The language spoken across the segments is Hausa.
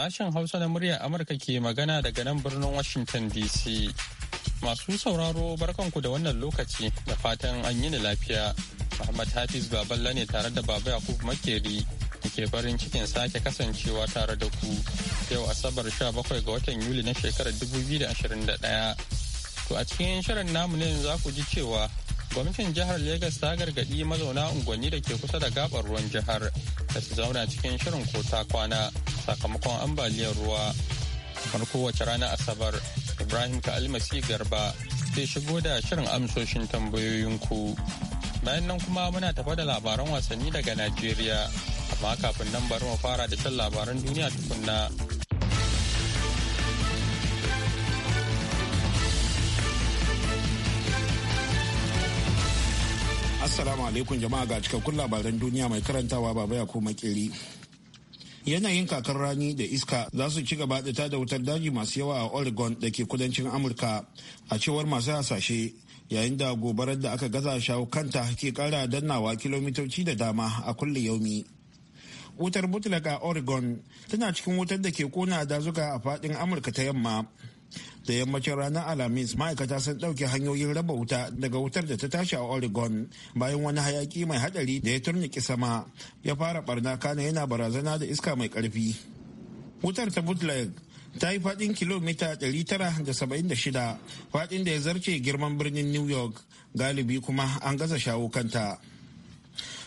Sashen Hausa na muryar Amurka ke magana daga nan birnin Washington DC. Masu sauraro barkanku da wannan lokaci da fatan an yi ni lafiya. Muhammad Hafiz Baballa ne tare da Baba Yakub Makeri da ke farin cikin sake kasancewa tare da ku yau Asabar 17 ga watan Yuli na shekarar 2021. To a cikin shirin namu ne za ku ji cewa gwamnatin jihar Legas ta gargaɗi mazauna unguwanni da ke kusa da gabar ruwan jihar da su zauna cikin shirin ko kwana sakamakon ambaliyar ruwa. Kamar kowace rana Asabar, Ibrahim ka almasi garba zai shigo da shirin amsoshin tambayoyinku. Bayan nan kuma muna tafa da labaran wasanni daga Najeriya, amma kafin nan bari mu fara da shan labaran duniya tukunna. Assalamu alaikum jama'a ga cikakkun labaran duniya mai karantawa baba ya kuma kiri. Yanayin kakar rani da iska za su ci gaba da tada wutar daji masu yawa a Oregon da ke kudancin Amurka a cewar masu hasashe yayin da gobarar da aka gaza shawo kanta ke kara dannawa kilomitoci da dama a kulle yaumi. Wutar a Oregon tana cikin wutar da ke kona dazuka a faɗin Amurka ta yamma. da yammacin ranar alhamis ma'aikata sun ɗauke hanyoyin raba wuta daga wutar da ta tashi a oregon bayan wani hayaki mai hadari da ya turniki sama ya fara barna kana yana barazana da iska mai ƙarfi. wutar ta bootleg ta yi faɗin kilomita 976 faɗin da ya zarce girman birnin new york galibi kuma an gaza shawo kanta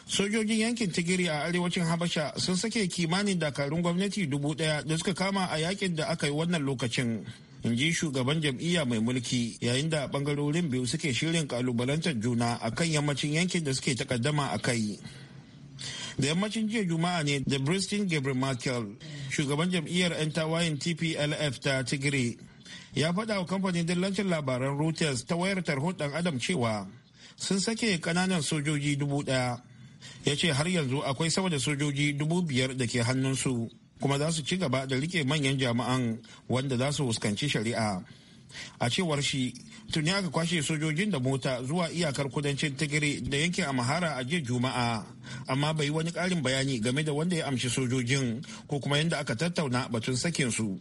sojojin yankin tigiri a arewacin habasha sun sake kimanin dakarun gwamnati dubu ɗaya da suka kama a yakin da aka yi wannan lokacin in ji shugaban jam'iyya mai mulki yayin da bangarorin biyu suke shirin kalubalantar juna a kan yammacin yankin da suke takaddama a kai da yammacin jiya juma'a ne da bristin gabriel michael shugaban jam'iyyar 'yan tawayen tplf ta tigray ya faɗa wa kamfanin dillancin labaran reuters ta wayar tarhon ɗan adam cewa sun sake kananan sojoji dubu ɗaya ya ce har yanzu akwai sama da sojoji dubu biyar da ke hannunsu kuma za su ci gaba da rike manyan jama'an wanda za su fuskanci shari'a a cewar shi tuni aka kwashe sojojin da mota zuwa iyakar kudancin tigiri da yankin amhara a jiya juma'a amma bai wani karin bayani game da wanda ya amshi sojojin ko kuma yadda aka tattauna batun sakin su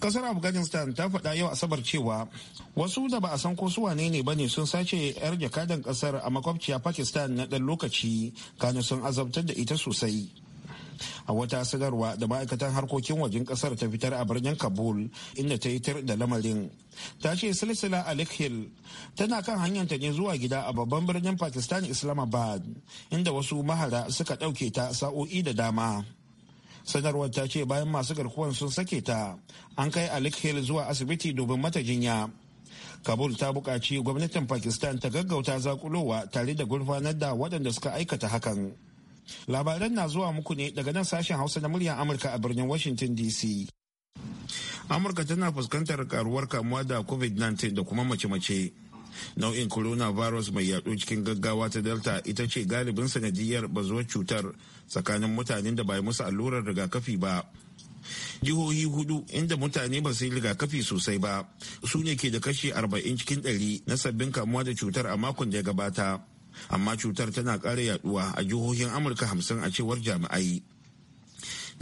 kasar afghanistan ta faɗa yau asabar cewa wasu da ba a san ko ne ba ne sun sace yar jakadan kasar a makwabciya pakistan na ɗan lokaci kanu sun azabtar da ita sosai a wata sanarwa da ma'aikatan harkokin wajen kasar ta fitar a birnin kabul inda ta yi tar da lamarin ta ce silsila alik hill tana kan hanyarta ne zuwa gida a babban birnin pakistan islamabad inda wasu mahara suka ɗauke ta sa'o'i da dama sanarwar ta ce bayan masu garkuwan sun sake ta an kai alik hill zuwa asibiti domin mata jinya kabul ta buƙaci gwamnatin pakistan ta gaggauta zakulowa tare da gurfanar da waɗanda suka aikata hakan Labaran na zuwa muku ne daga nan sashen Hausa na muryar Amurka a birnin Washington DC. Amurka tana fuskantar karuwar kamuwa da COVID-19 da kuma mace-mace. Nau'in coronavirus mai yaɗo cikin gaggawa ta Delta ita ce galibin sanadiyar bazuwar cutar tsakanin mutanen da ba musu allurar rigakafi ba. jihohi hudu inda mutane ba su yi rigakafi sosai ba su ne ke da kashi 40 cikin 100 na sabbin kamuwa da cutar a makon da ya gabata amma cutar tana ƙara yaduwa a jihohin amurka hamsin a cewar jami'ai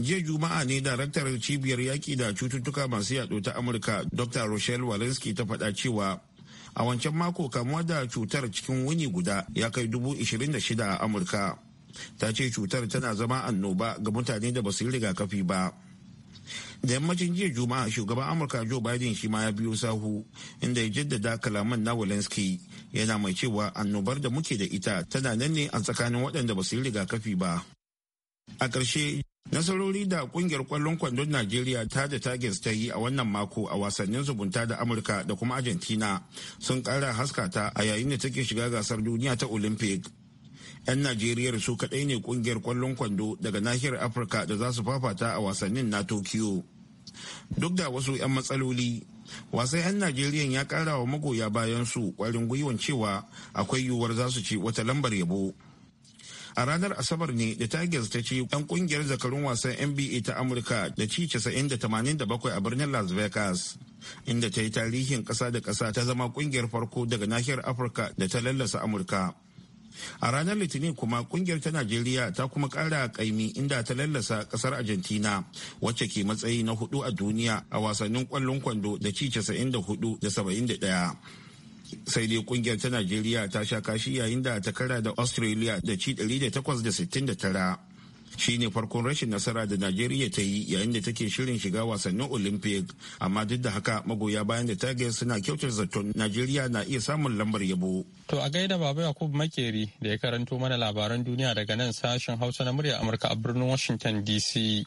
jiya juma'a ne daraktar cibiyar yaƙi da cututtuka masu yaɗo ta amurka dr rochelle walensky ta faɗa cewa a wancan mako kamuwa da cutar cikin wuni guda ya kai dubu ishirin da shida a amurka ta ce cutar tana zama annoba ga mutane da basu yi rigakafi ba da yammacin jiya juma'a shugaban amurka joe biden shi ma ya biyo sahu inda ya jaddada kalaman na walensky yana mai cewa annobar da muke da ita tana nan ne a tsakanin waɗanda ba su yi rigakafi ba a ƙarshe nasarori da ƙungiyar ƙwallon kwandon najeriya ta da Tigers ta yi a wannan mako a wasannin zubunta da amurka da kuma argentina sun ƙara haskata a yayin da take shiga gasar duniya ta olympic 'yan najeriyar su kaɗai ne ƙungiyar ƙwallon kwando daga nahiyar afirka da za su fafata a wasannin na tokyo duk da wasu 'yan matsaloli wasai 'yan najeriya ya kara wa magoya bayan su kwarin gwiwan cewa akwai yiwuwar za su ci wata lambar yabo a ranar asabar ne da tigers ta ce 'yan kungiyar zakarun wasan nba ta amurka da ci 90-87 a birnin las vegas inda ta yi tarihin kasa da kasa ta zama kungiyar farko daga nahiyar afirka da ta lallasa amurka a ranar litinin kuma kungiyar ta najeriya ta kuma kara kaimi inda ta lallasa kasar argentina wacce ke matsayi na hudu a duniya a wasannin kwallon kwando da ci 94 da 71 sai dai kungiyar ta najeriya ta sha kashi yayin da ta kara da australia da ci shine farkon rashin nasara da najeriya ta yi yayin da take shirin shiga wasannin olympic amma duk da haka magoya bayan da Tiger suna kyautar zaton najeriya na iya samun lambar yabo to a gaida baba yakub makeri da ya karanto mana labaran duniya daga nan sashen hausa na murya amurka a birnin washington dc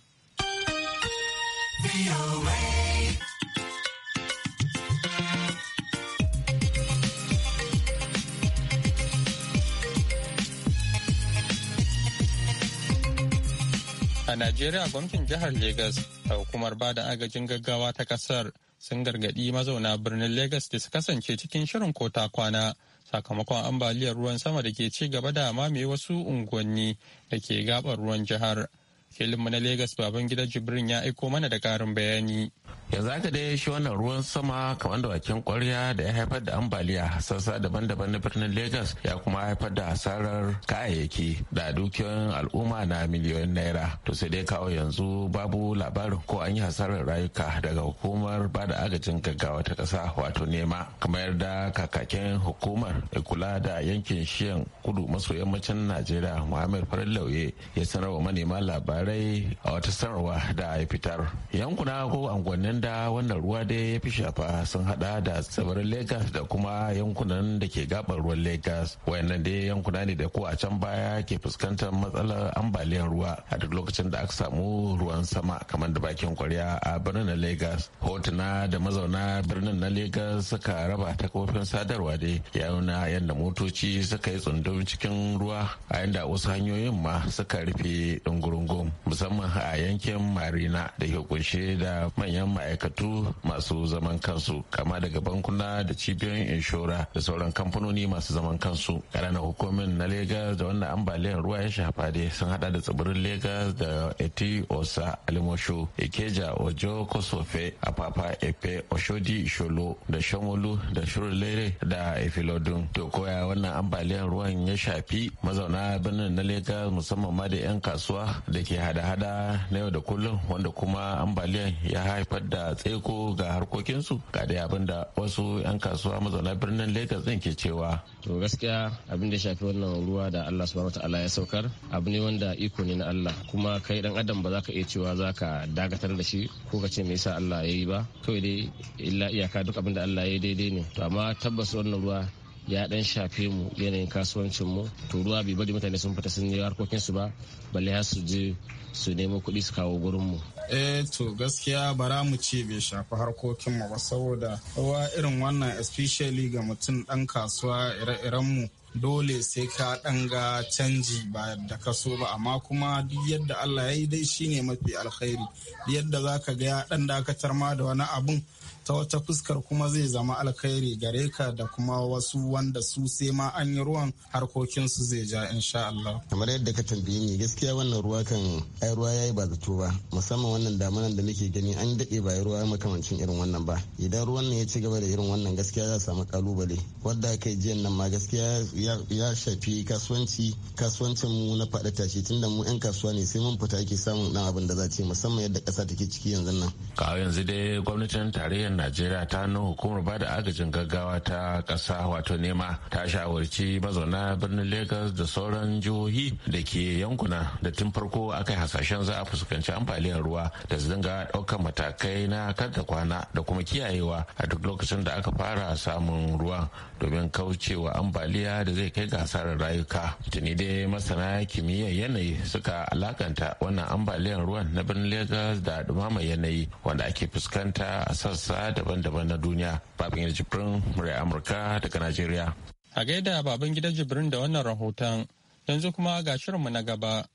Najeriya gwamnatin jihar Legas da hukumar ba da agajin gaggawa ta kasar sun gargaɗi mazauna birnin Legas da su kasance cikin shirin kota kwana sakamakon ambaliyar ruwan sama da ke ci gaba da mamaye wasu unguwanni da ke gabar ruwan jihar. Filinmu na Legas baban gidan Jibrin ya aiko mana da karin bayani. yanzu haka dai shi wannan ruwan sama kamar da bakin kwarya da ya haifar da ambaliya sassa daban-daban na birnin lagos ya kuma haifar da hasarar kayayyaki da dukiyoyin al'umma na miliyoyin naira to sai dai kawo yanzu babu labarin ko an yi hasarar rayuka daga hukumar ba da agajin gaggawa ta ƙasa wato nema kamar da kakakin hukumar ya kula da yankin shiyan kudu maso yammacin najeriya muhammad farin lauye ya sanarwa manema labarai a wata sanarwa da ya fitar yankuna ko unguwannin wanda wannan ruwa da ya fi shafa sun hada da tsibirin lagos da kuma yankunan da ke gabar ruwan lagos wayannan da yankuna ne da ko a can baya ke fuskantar matsalar ambaliyar ruwa a duk lokacin da aka samu ruwan sama kamar da bakin kwarya a birnin lagos hotuna da mazauna birnin na lagos suka raba ta kofin sadarwa da ya nuna yadda motoci suka yi tsundun cikin ruwa a yadda wasu hanyoyin ma suka rufe dungurungun musamman a yankin marina da ke kunshe da manyan ma'aikatu masu zaman kansu kama daga bankuna da cibiyoyin inshora da sauran kamfanoni masu zaman kansu ƙananan hukumin na legas da wannan ambaliyar ruwa ya shafa dai sun hada da tsibirin legas da eti osa alimosho ikeja ojo kosofe apapa efe oshodi sholo da shomolu da shirulere da efilodun to koya wannan ambaliyar ruwan ya shafi mazauna birnin na legas musamman ma da 'yan kasuwa da ke hada-hada na yau da kullum wanda kuma ambaliyar ya haifar da da tseko ga harkokinsu ga dai abin da wasu 'yan kasuwa mazauna birnin lagos din ke cewa to gaskiya abin da shafi wannan ruwa da allah subhanahu ta'ala ya saukar abu ne wanda iko ne na allah kuma kai dan adam ba za ka iya cewa za ka dagatar da shi ko ka ce me yasa allah ya yi ba kawai dai illa iyaka duk abin da allah ya yi daidai ne to amma tabbas wannan ruwa ya dan shafe mu yanayin kasuwancin mu to ruwa bai bari mutane sun fita sun yi harkokinsu ba balle har su je su nemo kuɗi su kawo gurinmu. eh to gaskiya bara mu ce bai shafi harkokinmu ba saboda kowa irin wannan especially ga mutum ɗan kasuwa ire-irenmu dole sai ka ɗan ga canji ba da ka so ba amma kuma duk yadda Allah ya yi dai shine mafi alkhairi yadda za ka ga ya ɗan dakatar ma da wani abun ta wata fuskar kuma zai zama alkhairi gare ka da kuma wasu wanda su sai ma an yi ruwan harkokinsu zai ja insha Allah. Kamar yadda ka tambaye ni gaskiya wannan ruwa kan ai ruwa yayi ba zato ba musamman wannan damunan da muke gani an daɗe ba ruwa makamancin irin wannan ba idan ruwan nan ya ci gaba da irin wannan gaskiya za samu kalubale wadda kai jiyan nan ma gaskiya ya shafi kasuwanci kasuwancin mu na faɗa tashi tunda mu yan kasuwa ne sai mun fita ake samun dan abin da za ce musamman yadda ƙasa take ciki yanzu nan kawo yanzu dai gwamnatin tarayyar najeriya ta nuna hukumar ba da agajin gaggawa ta kasa wato nema ta shawarci mazauna birnin lagos da sauran jihohi da ke yankuna da tun farko aka hasashen za a fuskanci ambaliyar ruwa da su dinga daukan matakai na kada kwana da kuma kiyayewa a duk lokacin da aka fara samun ruwa domin kaucewa ambaliya da zai kai ga hasarar rayuka tuni dai masana kimiyyar yanayi suka alakanta wannan ambaliyar ruwan na birnin lagos da dumama yanayi wanda ake fuskanta a sassa daban-daban na duniya babin jibrin murai amurka daga nigeria. a gaida baban gidan jibrin da wannan rahoton yanzu kuma ga shirinmu na gaba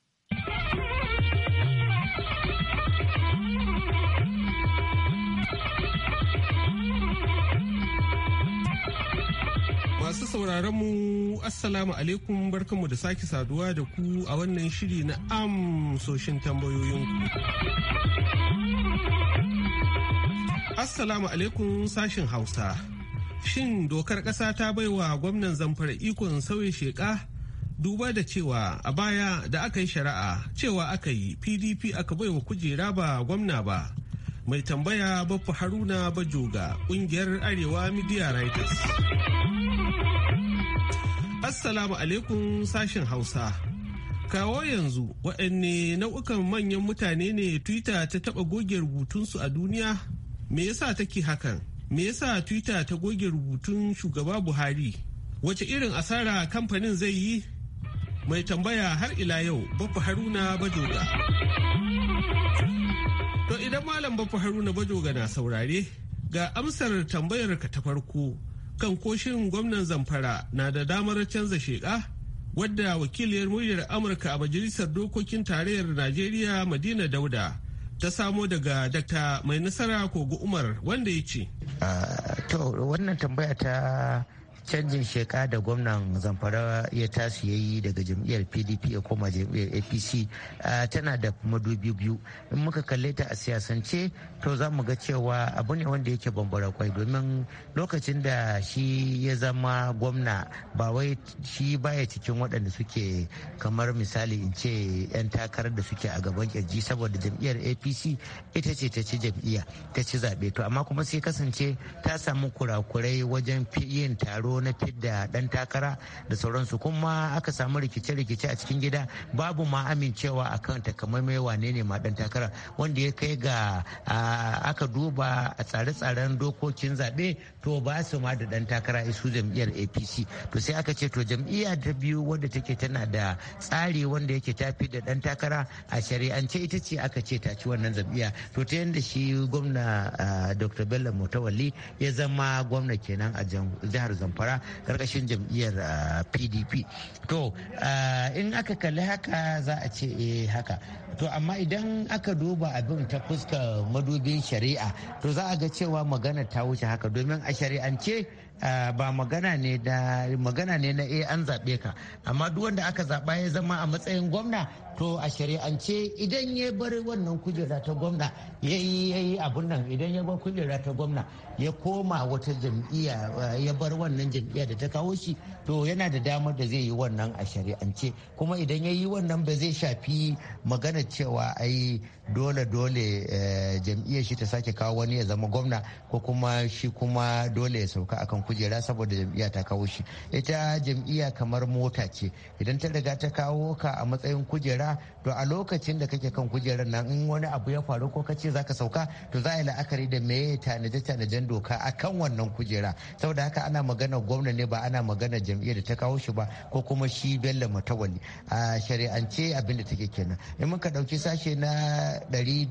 sauraron mu assalamu alaikum barkanmu da sake saduwa da ku a wannan shiri na amsoshin ku Assalamu alaikum sashin Hausa. Shin dokar ƙasa ta baiwa gwamnan zamfara ikon sauya sheƙa duba da cewa a baya da aka yi shari'a cewa aka yi PDP aka baiwa kujera ba gwamna ba. Mai tambaya Baffa Haruna Bajoga ƙungiyar Arewa Media Writers. Assalamu alaikum sashen Hausa. Kawo yanzu waɗanne nau'ukan manyan mutane ne Twitter ta taɓa goge rubutunsu a duniya? Me yasa take hakan? Me yasa Twitter ta goge rubutun shugaba Buhari? Wace irin asara kamfanin zai yi? Mai tambaya har ila yau, Bafa Haruna Bajoga. To idan Malam Bafa Haruna Bajoga na saurare, ga amsar tambayar ka ta farko. kan koshin gwamnan zamfara na da damar canza sheka wadda wakiliyar muryar amurka a majalisar dokokin tarayyar najeriya madina dauda ta samo daga dakta mai nasara kogo umar wanda ya ce ah, wannan tambaya ta canjin sheka da gwamnan zamfara ya tasu ya yi daga jam'iyyar pdp ya koma jam'iyyar apc tana da madubi biyu in muka kalle ta a siyasance to za mu ga cewa abu ne wanda yake bambara kwai domin lokacin da shi ya zama gwamna ba wai shi baya cikin waɗanda suke kamar misali in ce 'yan takarar da suke a gaban kirji saboda jam'iyyar apc ita ce ta ci jam'iyya ta ci zaɓe to amma kuma sai kasance ta samu kurakurai wajen yin taro na fidda dan takara da sauransu kuma aka samu rikice-rikice a cikin gida babu ma amincewa akan takamaimai wane ne ma dan takara wanda ya kai ga aka duba a tsare-tsaren dokokin zaɓe to ba su ma da dan takara isu jam'iyyar apc to sai aka ce to jam'iyya ta biyu wadda take tana da tsari wanda yake ta fidda dan takara a shari'ance ita ce aka ce ta ci wannan jam'iyya to ta yadda shi gwamna dr bello mutawalli ya zama gwamna kenan a jihar zamfara zamfara karkashin jam'iyyar pdp uh, to uh, in aka kalli haka za a ce eh haka to amma idan aka duba abin ta fuska madubin shari'a to za a ga cewa magana ta wuce haka domin a shari'ance uh, ba magana ne magana ne na eh an zaɓe ka amma duk wanda aka zaɓa ya zama a matsayin gwamna to a shari'ance idan ya bar wannan kujera ta gwamna ya yi abun nan idan ya bar kujera ta gwamna ya koma wata jam'iyya eh, ya bar wannan jam'iyya da ta kawo shi to yana da damar da zai yi wannan a shari'ance kuma idan ya yi wannan ba zai shafi magana cewa ai dole dole eh, jam'iyyar shi ta sake kawo wani ya zama gwamna ko kuma shi kuma dole ya sauka akan kujera saboda jam'iyya ta kawo shi ita jam'iyya kamar mota ce idan ta riga ta kawo ka a matsayin kujera kujera to a lokacin da kake kan kujerar nan in wani abu ya faru ko kace zaka sauka to za a yi la'akari da me tanaje tanajen doka akan wannan kujera saboda haka ana magana gwamna ne ba ana magana jam'iyyar da ta kawo shi ba ko kuma shi bello mutawalli a shari'ance abin da take kenan in muka dauki sashe na ɗari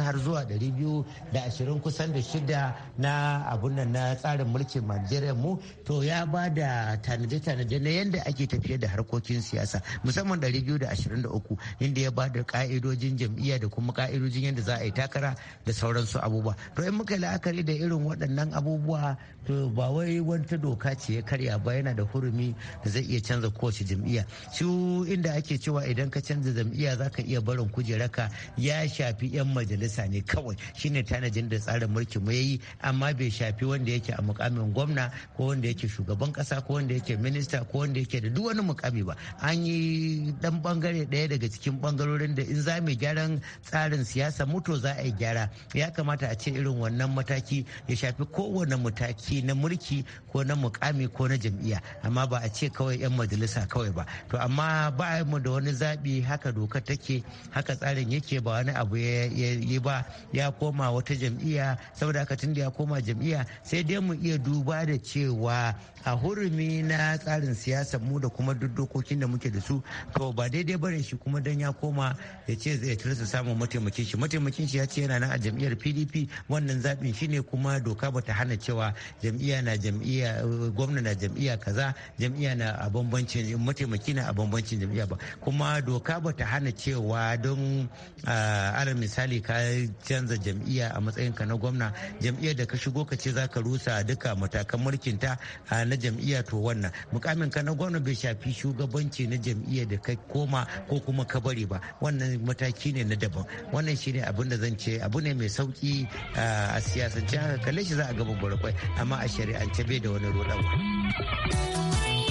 har zuwa ɗari biyu da kusan da shida na abun nan na tsarin mulkin Najeriya mu to ya ba da tanaje-tanaje na yadda ake tafiyar da harkokin siyasa musamman 223 inda ya ba da ka'idojin jam'iyya da kuma ka'idojin yadda za a yi takara da sauransu abubuwa to in muka la'akari da irin waɗannan abubuwa to ba wai wata doka ce ya karya ba yana da hurumi da zai iya canza kowace jam'iyya su inda ake cewa idan ka canza jam'iyya za ka iya barin kujeraka ya shafi 'yan majalisa ne kawai shine tanajin da tsarin mulkin mu yayi amma bai shafi wanda yake a mukamin gwamna ko wanda yake shugaban kasa ko wanda yake minista ko wanda yake da duk wani mukami ba an yi dan bangare daya daga cikin bangarorin da in za mu gyaran tsarin siyasa muto za a yi gyara ya kamata a ce irin wannan mataki ya shafi kowane mataki na mulki ko na mukami ko na jam'iyya amma ba a ce kawai 'yan majalisa kawai ba to amma ba mu da wani zaɓi haka doka take haka tsarin yake ba wani abu ya yi ba ya koma wata jam'iyya saboda haka tun da ya koma jam'iyya sai dai mu iya duba da cewa a hurumi na tsarin siyasa mu da kuma duk dokokin da muke da da su to ba daidai bane shi kuma dan ya koma ya ce zai su samun mataimakin shi mataimakin shi ya ce yana nan a jam'iyyar PDP wannan zaɓin shi ne kuma doka bata hana cewa jam'iyya na jam'iyya gwamna na jam'iyya kaza jam'iyya na a bambancin mataimaki na a bambancin jam'iyya ba kuma doka bata hana cewa don alal misali ka canza jam'iyya a matsayin ka na gwamna jam'iyyar da ka shigo ka ce zaka rusa duka matakan mulkin ta na jam'iyya to wannan mukamin ka na gwamna bai shafi shugabanci na jam'iyyar da ka koma ko kuma ka bari ba wannan mataki ne na daban wannan shine abin da zan ce abu ne mai sauki a siyasance haka kalle shi za a ga babbar kwai amma a shari'ance bai da wani ruɗawa.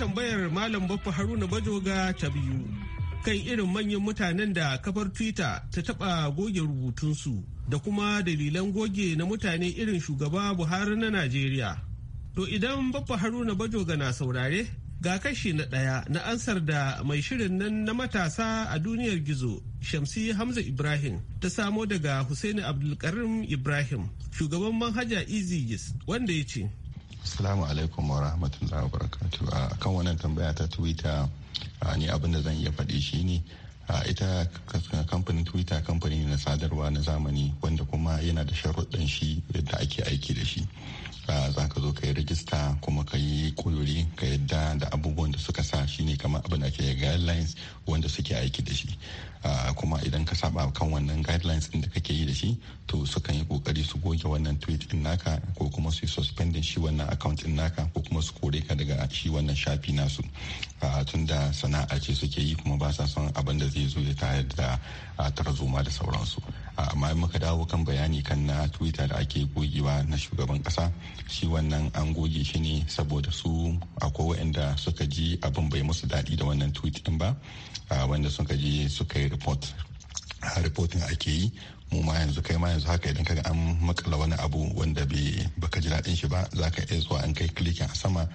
tambayar Malam Baffa Haruna Bajoga ta biyu kan irin manyan mutanen da kafar Twitter ta taɓa goge rubutunsu da kuma dalilan goge na mutane irin shugaba Buhari na Najeriya. To idan Baffa Haruna Bajoga na saurare ga kashi na ɗaya na ansar da mai shirin nan na matasa a duniyar gizo shamsi hamza ibrahim ta samo daga husaini abdulkarim ibrahim shugaban manhaja easy wanda ya ce Assalamu alaikum wa rahmatullahi wa barakatu. A kan wannan tambaya ta Twitter ni abin da zan iya faɗi shi ne ita kamfanin Twitter kamfani na sadarwa na zamani wanda kuma yana da sharuɗan shi yadda ake aiki da shi. za ka zo ka yi rajista kuma ka yi kuluri ka yadda da abubuwan da suka sa shine kamar abin da ake guidelines wanda suke aiki da shi kuma idan ka saba kan wannan guidelines din da kake yi da shi to sukan yi kokari su goge wannan tweet din naka ko kuma su suspending shi wannan account din naka ko kuma su kore ka daga shi wannan shafi nasu tunda sana'a ce suke yi kuma ba sa son abin da zai zo ya tayar da tarzoma da sauransu amma muka dawo kan bayani kan na twitter da ake gogewa na shugaban kasa shi wannan an goge shi ne saboda su akwai waɗanda suka ji abin bai musu daɗi da wannan tweet din ba wanda suka je suka yi report reporting ake yi mu ma yanzu kai ma yanzu haka idan ka ga an makala wani abu wanda bai baka ji daɗin shi ba za ka iya zuwa an kai klikin a sama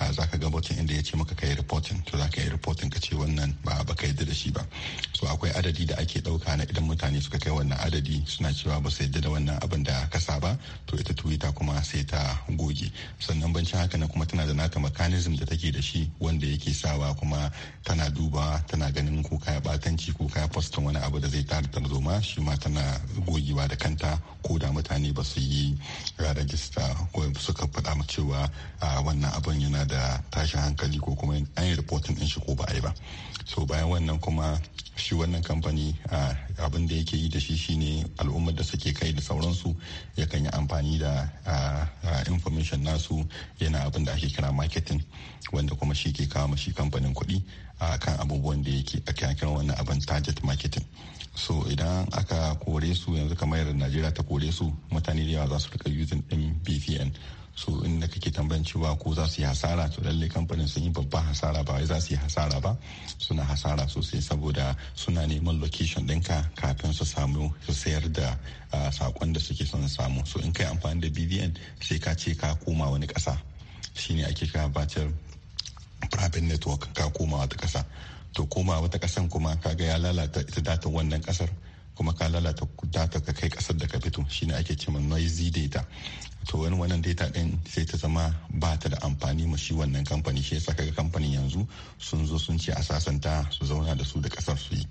a za ka ga botin inda ya ce maka kai reporting to za ka yi reporting ka ce wannan ba baka yadda da shi ba so akwai adadi da ake ɗauka na idan mutane suka kai wannan adadi suna cewa ba su yadda da wannan abin da ka sa ba to ita twitter kuma sai ta goge sannan bancin haka na kuma tana da naka mechanism da take da shi wanda yake sawa kuma tana duba tana ganin ko kaya batanci ko kaya postin wani abu da zai tara tarzoma shi ma tana gogewa da kanta ko da mutane ba su yi rajista ko suka faɗa mu cewa wannan abin yana da tashin hankali ko kuma an yi reporting din shi ko ba a yi ba so bayan wannan kuma shi wannan kamfani abin da yake yi da shi shine al'ummar da suke kai da sauransu yakan yi amfani da information nasu yana abin da ake kira marketing wanda kuma shi ke kawo mashi kamfanin kuɗi a kan abubuwan da yake a kan wannan abin target marketing so idan aka kore su yanzu kamar yadda najeriya ta kore su mutane da yawa za su rika yuzin din bpn so inda kake tambayan cewa ko za su yi hasara to lalle kamfanin sun yi babba hasara ba wai za su yi hasara ba suna hasara sosai saboda suna neman location ɗinka kafin su samu su sayar da sakon da suke son samu so in kai amfani da bvn sai ka ce ka koma wani ƙasa shine ake kira virtual private network ka koma wata kasa to koma wata ƙasan kuma kaga ya lalata ita data wannan ƙasar kuma ka lalata data ka kai ƙasar da ka fito shine ake cewa noisy data to wani wannan data din sai ta zama ba ta da amfani ma shi wannan kamfani shi yasa kaga kamfanin yanzu sun zo sun ce a sasanta su zauna da su da kasar su yi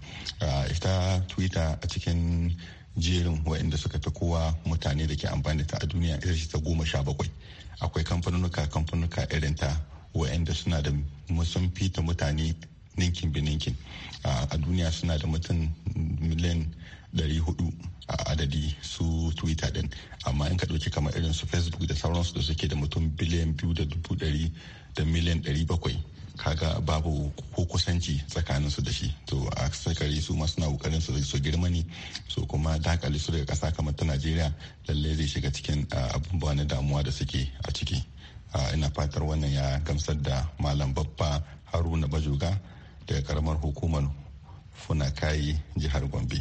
ita twitter a cikin jerin wa'inda suka ta kowa mutane da ke amfani da ta a duniya ita ce ta goma sha bakwai akwai kamfanunuka kamfanunuka irin ta wa'anda suna da musan fita mutane ninkin bininkin ninkin a duniya suna da mutum miliyan 400 a adadi su twitter din amma in ka ɗauki kamar irin su facebook da sauransu da suke da mutum biliyan biyu da dubu dari da miliyan 700 kaga babu ko kusanci tsakaninsu da shi to a sakari su ma suna kokarin su su girma ne so kuma dakali su daga kasa kamar ta najeriya lallai zai shiga cikin abubuwa na damuwa da suke a ciki ina fatar wannan ya gamsar da malam babba haruna bajoga daga karamar hukumar funakayi jihar gombe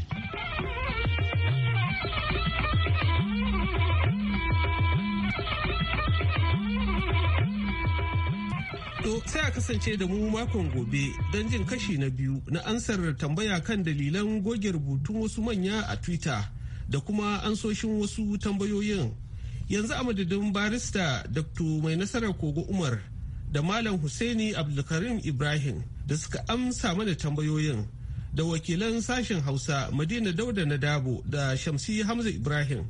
To sai a kasance da mu makon gobe don jin kashi na biyu na ansar tambaya kan dalilan goge rubutun wasu manya a Twitter da kuma ansoshin wasu tambayoyin yanzu a madadin barista dr mai nasarar kogo umar da malam husaini abdulkarim ibrahim da suka amsa mana tambayoyin da wakilan sashen hausa madina dauda na dabo da shamsi hamza ibrahim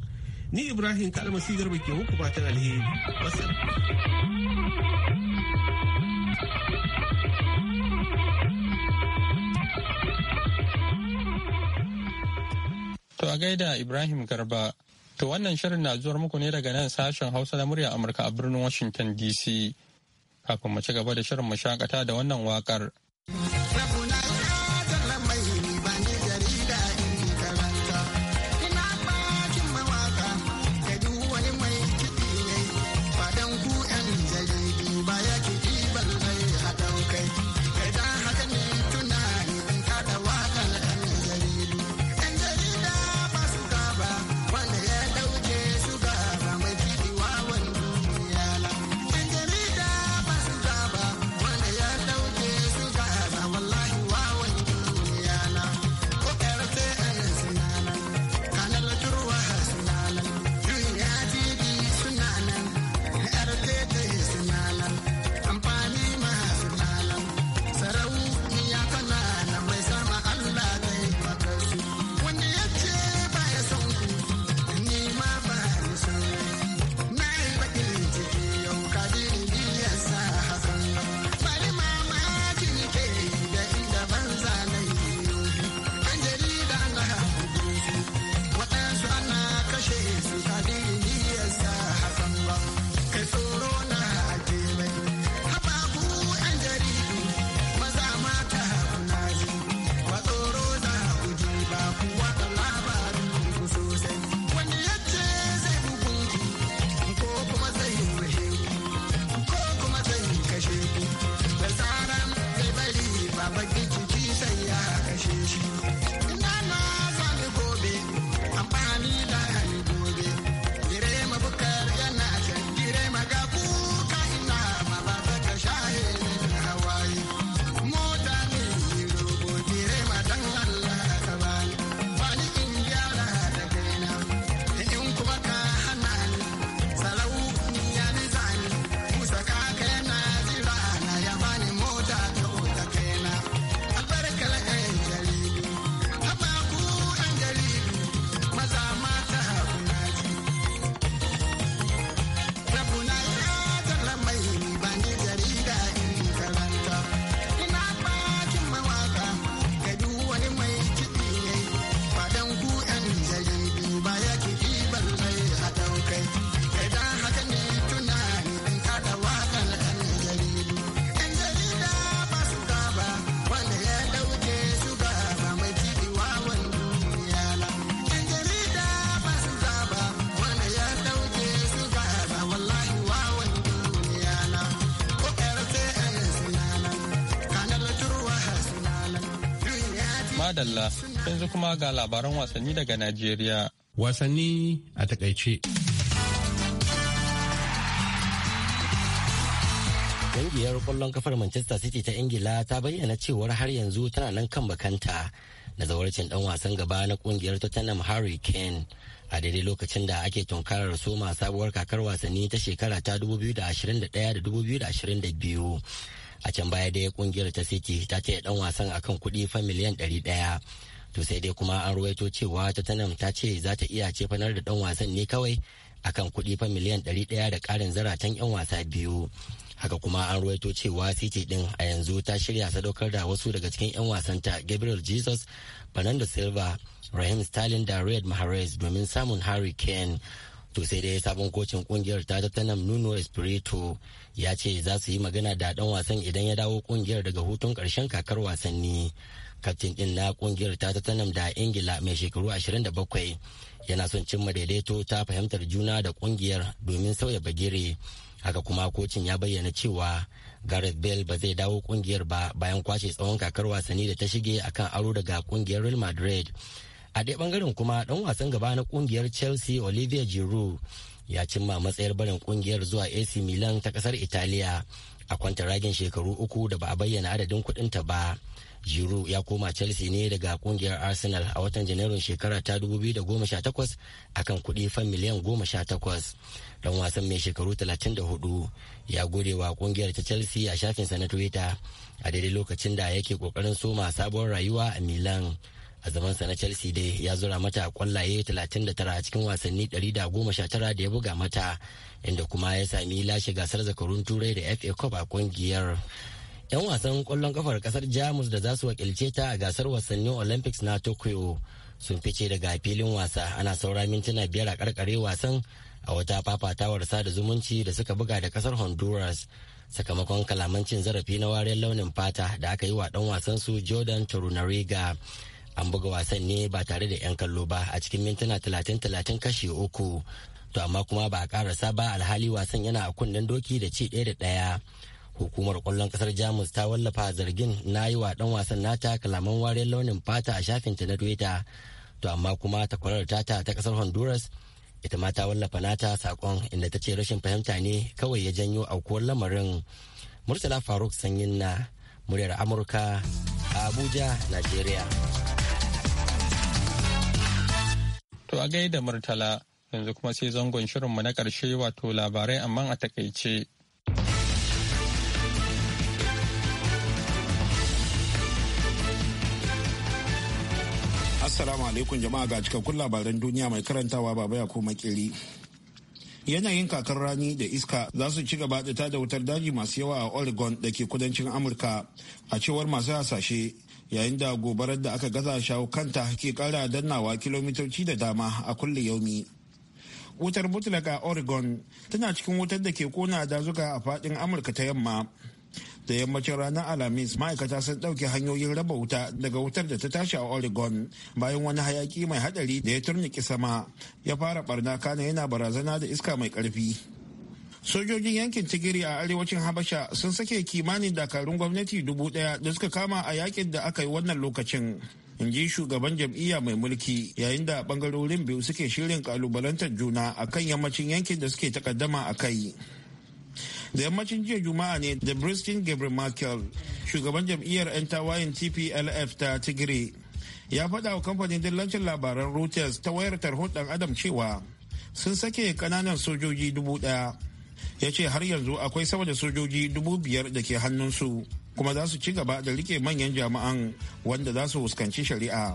ni ibrahim kalmasi garba ke muku fatan alheri To a gaida Ibrahim Garba To wannan shirin na zuwar muku ne daga nan sashen Hausa na murya Amurka a birnin Washington DC. Kafin mu ci gaba da shirin mu shakata da wannan waƙar. madalla yanzu kuma ga labaran wasanni daga Najeriya. Wasanni a takaice. Ƙungiyar ƙwallon kafar Manchester City ta Ingila ta bayyana cewar har yanzu tana nan kan bakanta na zawarcin ɗan wasan gaba na ƙungiyar Tottenham Harry Kane. a daidai lokacin da ake tunkarar soma sabuwar kakar wasanni ta shekara ta 2021 da 2022 a can baya dai kungiyar ta city ta ce dan wasan akan kuɗi fa miliyan ɗaya to sai dai kuma an ruwaito cewa tottenham ta ce za ta iya cefanar da dan wasan ne kawai akan kuɗi fa miliyan ɗari ɗaya da ƙarin zaratan 'yan wasa biyu haka kuma an ruwaito cewa city din a yanzu ta shirya sadaukar da wasu daga cikin 'yan wasanta gabriel jesus fernando silva rahim stalin da red mahrez domin samun harry kane to sai dai sabon kocin kungiyar ta tattalin nuno espirito ya ce za su yi magana da dan wasan idan ya dawo kungiyar daga hutun karshen kakar wasanni kaftin din na kungiyar ta tattalin da ingila mai shekaru 27 yana son cimma daidaito ta fahimtar juna da kungiyar domin sauya bagire haka kuma kocin ya bayyana cewa gareth bale ba zai dawo kungiyar ba bayan kwashe tsawon kakar wasanni da ta shige akan aro daga kungiyar real madrid a dai bangaren kuma ɗan wasan gaba na kungiyar chelsea olivier giroud ya cimma matsayar barin kungiyar zuwa ac milan ta kasar italiya a kwanta ragin shekaru uku da ba a bayyana adadin ta ba Giroud ya koma Chelsea ne daga kungiyar Arsenal a watan Janairun shekara ta 2018 akan kuɗi fan miliyan 18. Dan wasan mai shekaru 34 ya gode wa kungiyar ta Chelsea a shafinsa na Twitter a daidai lokacin da yake kokarin soma sabuwar rayuwa a Milan. a zaman sa na chelsea dai ya zura mata kwallaye 39 a cikin wasanni 119 da ya buga mata inda kuma ya sami lashe gasar zakarun turai da fa cup a kungiyar yan wasan kwallon kafar kasar jamus da za su wakilce ta a gasar wasannin olympics na tokyo sun fice daga filin wasa ana saura mintuna biyar a karkare wasan a wata fafatawar sada zumunci da suka buga da kasar honduras sakamakon kalamancin zarafi na wariyar launin fata da aka yi wa dan wasan su jordan torunariga an buga wasan ne ba tare da 'yan kallo ba a cikin mintuna 30-30 kashi uku to amma kuma ba a karasa ba alhali wasan yana a kunnen doki da ci ɗaya da ɗaya hukumar kwallon kasar jamus ta wallafa zargin na yi wa dan wasan nata kalaman wariyar launin fata a shafin ta na twitter to amma kuma takwarar tata ta kasar honduras ita ma ta wallafa nata sakon inda ta ce rashin fahimta ne kawai ya janyo aukuwar lamarin murtala faruk sanyin na muryar amurka a abuja nigeria to a gaida murtala yanzu kuma sai zangon shirinmu na ƙarshe wato labarai amma a takaice Assalamu alaikum jama'a ga cikakkun labaran duniya mai karantawa baba ya kuma kiri. yanayin kakar rani da iska za su ci gaba da tada wutar daji masu yawa a oregon da ke kudancin amurka a cewar masu hasashe yayin da gobarar da aka gaza shawo kanta ke kara dannawa kilomitoci da dama a kulle yaumi wutar mutlaka oregon tana cikin wutar da ke kona dazuka a fadin amurka ta yamma da yammacin ranar alhamis ma'aikata sun ɗauke hanyoyin raba wuta daga wutar da ta tashi a oregon bayan wani hayaki mai hadari da ya turniki sama ya fara barna kana yana barazana da iska mai ƙarfi. sojojin yankin tigiri a arewacin habasha sun sake kimanin dakarun gwamnati dubu daya da suka kama a yakin da aka yi wannan lokacin in ji shugaban jam'iyya mai mulki yayin da bangarorin biyu suke shirin kalubalantar juna a kan yammacin yankin da suke takaddama a kai da yammacin jiya juma'a ne da bristin gabriel michael shugaban jam'iyyar 'yan tawayen tplf ta tigiri ya faɗa wa kamfanin dillancin labaran reuters ta wayar tarhon ɗan adam cewa sun sake kananan sojoji dubu ɗaya ya ce har yanzu akwai sama da sojoji dubu biyar da ke hannunsu kuma za su ci gaba da rike manyan jama'an wanda za su fuskanci shari'a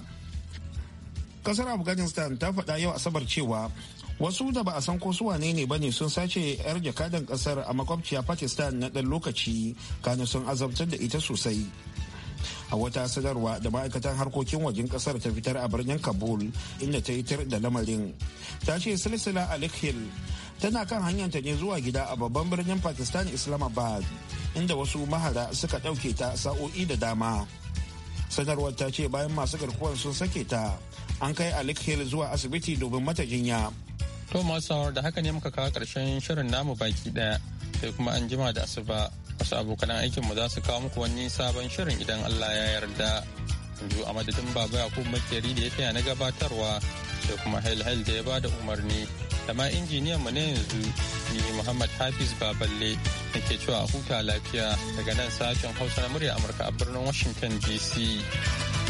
kasar afghanistan ta faɗa yau asabar cewa wasu da ba a san ko su wane ne bane sun sace yar jakadan kasar a makwabciya pakistan na dan lokaci kana sun azabtar da ita sosai a wata sadarwa da ma'aikatan harkokin wajen kasar ta fitar a birnin kabul inda ta yi da lamarin ta ce silsila alik hill tana kan hanyarta ne zuwa gida a babban birnin pakistan islamabad inda wasu mahara suka ɗauke ta sa'o'i da dama sanarwar ta ce bayan masu garkuwar sun sake ta an kai alik hill zuwa asibiti domin mata jinya To masu sawar da haka ne muka kawo ƙarshen shirin namu baki ɗaya sai kuma an jima da asuba wasu abokan aikinmu za su kawo muku wani sabon shirin idan Allah ya yarda. Yanzu a madadin baba ya kuma makeri da ya taya na gabatarwa sai kuma hail hail da ya ba da umarni da ma injiniyan mu na yanzu ni Muhammad Hafiz Baballe da ke cewa a huta lafiya daga nan sashen Hausa na murya Amurka a birnin Washington DC.